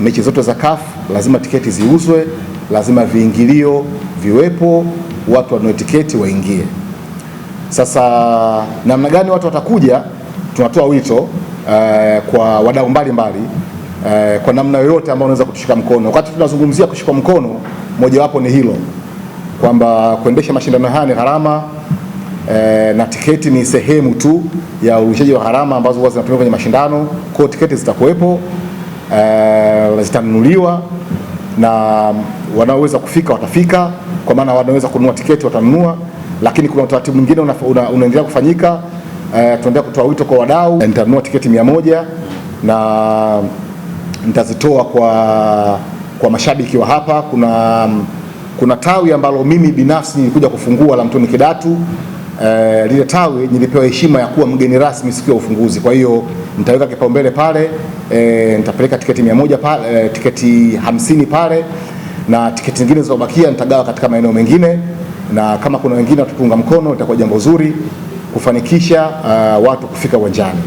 mechi zote za CAF lazima tiketi ziuzwe, lazima viingilio viwepo, watu wanunue tiketi waingie. Sasa namna gani watu watakuja? Tunatoa wito uh, kwa wadau mbalimbali uh, kwa namna yoyote ambayo unaweza kutushika mkono. Wakati tunazungumzia kushika mkono, mojawapo ni hilo kwamba kuendesha mashindano haya ni gharama eh, na tiketi ni sehemu tu ya urushaji wa gharama ambazo huwa zinatumika kwenye mashindano. Kwa hiyo tiketi zitakuwepo uh, eh, zitanunuliwa na wanaoweza kufika watafika, kwa maana wanaweza kununua tiketi watanunua, lakini kuna utaratibu mwingine unaendelea una, una kufanyika uh, tunaendelea kutoa wito kwa wadau. Nitanunua tiketi mia moja na nitazitoa kwa, kwa mashabiki wa hapa. Kuna, kuna tawi ambalo mimi binafsi nilikuja kufungua la Mtoni Kidatu eh, lile tawi nilipewa heshima ya kuwa mgeni rasmi siku ya ufunguzi. Kwa hiyo nitaweka kipaumbele pale eh, nitapeleka tiketi mia moja pale, eh, tiketi hamsini pale na tiketi nyingine zilizobakia nitagawa katika maeneo mengine, na kama kuna wengine watutunga mkono itakuwa jambo zuri kufanikisha uh, watu kufika uwanjani.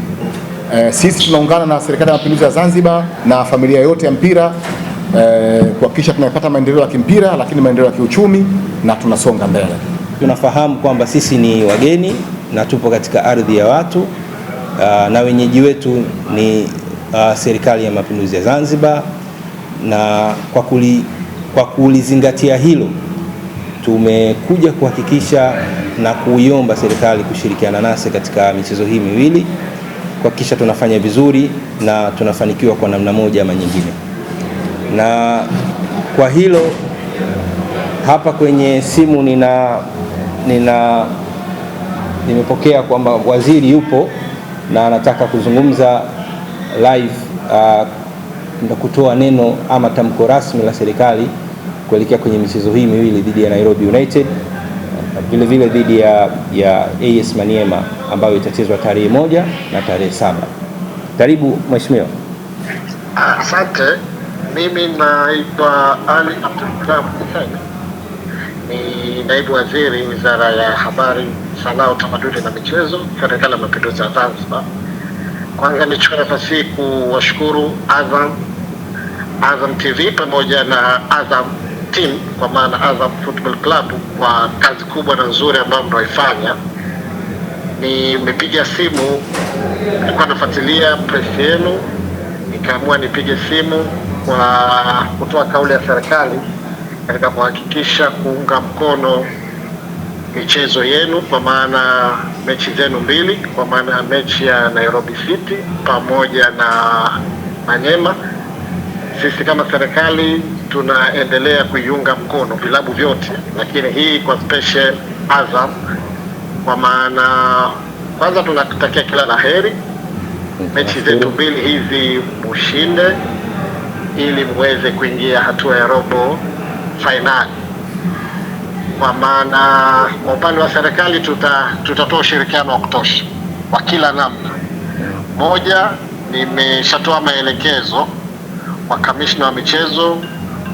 Eh, sisi tunaungana na serikali ya mapinduzi ya Zanzibar na familia yote ya mpira eh, kuhakikisha tunapata maendeleo ya kimpira, lakini maendeleo ya kiuchumi na tunasonga mbele tunafahamu kwamba sisi ni wageni na tupo katika ardhi ya watu uh, na wenyeji wetu ni uh, Serikali ya Mapinduzi ya Zanzibar, na kwa kuli kwa kulizingatia hilo tumekuja kuhakikisha na kuiomba serikali kushirikiana nasi katika michezo hii miwili kuhakikisha tunafanya vizuri na tunafanikiwa kwa namna moja ama nyingine. Na kwa hilo hapa kwenye simu nina nina nimepokea kwamba waziri yupo na anataka kuzungumza live uh, na kutoa neno ama tamko rasmi la serikali kuelekea kwenye michezo hii miwili dhidi ya Nairobi United ah, vile vile dhidi ya, ya AS Maniema ambayo itachezwa tarehe moja na tarehe saba. Karibu mheshimiwa. Asante. Mimi naitwa Ali Abdulkarim Hussein ni naibu waziri wizara ya habari, sanaa, utamaduni na michezo, serikali ya mapinduzi ya Zanzibar. Kwanza nichukue nafasi hii kuwashukuru Azam, Azam TV pamoja na Azam team kwa maana Azam Football Club kwa kazi kubwa na nzuri ambayo mnaoifanya. Nimepiga simu, nilikuwa nafuatilia press yenu, nikaamua nipige simu kwa kutoa kauli ya serikali katika kuhakikisha kuunga mkono michezo yenu kwa maana mechi zenu mbili, kwa maana mechi ya Nairobi City pamoja na Manyema. Sisi kama serikali tunaendelea kuiunga mkono vilabu vyote, lakini hii kwa special Azam, kwa maana kwanza tunakutakia kila la heri, mechi zetu mbili hizi mushinde ili muweze kuingia hatua ya robo fainali, kwa maana kwa upande wa serikali tutatoa ushirikiano wa kutosha kwa kila namna. Moja, nimeshatoa maelekezo kwa kamishna wa michezo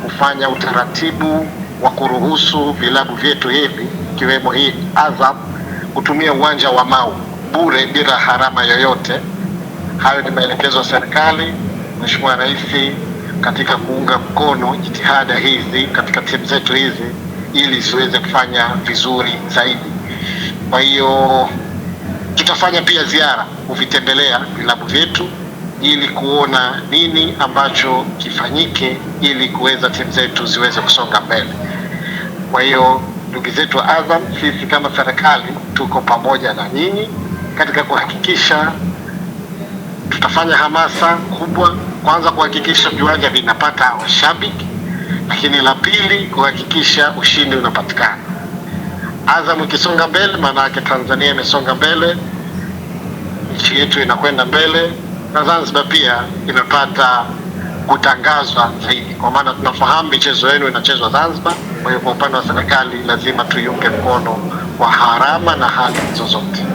kufanya utaratibu wa kuruhusu vilabu vyetu hivi ikiwemo hii Azam kutumia uwanja wa Mau bure bila harama yoyote. Hayo ni maelekezo ya serikali. Mheshimiwa Rais katika kuunga mkono jitihada hizi katika timu zetu hizi ili ziweze kufanya vizuri zaidi. Kwa hiyo tutafanya pia ziara kuvitembelea vilabu vyetu ili kuona nini ambacho kifanyike ili kuweza timu zetu ziweze kusonga mbele. Kwa hiyo ndugu zetu wa Azam, sisi kama serikali tuko pamoja na nyinyi katika kuhakikisha tutafanya hamasa kubwa kwanza kuhakikisha viwanja vinapata washabiki, lakini la pili kuhakikisha ushindi unapatikana. Azam ikisonga mbele, maana yake Tanzania imesonga mbele, nchi yetu inakwenda mbele na Zanzibar pia imepata kutangazwa zaidi, kwa maana tunafahamu michezo yenu inachezwa Zanzibar. Kwa hiyo kwa upande wa serikali lazima tuiunge mkono kwa harama na hali zozote.